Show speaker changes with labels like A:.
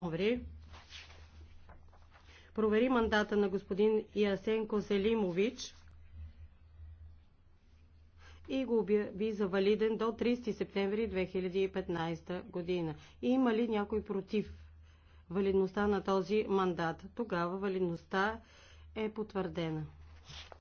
A: октомври провери мандата на господин Ясенко Селимович и го обяви за валиден до 30 септември 2015 година. Има ли някой против валидността на този мандат? Тогава валидността е потвърдена.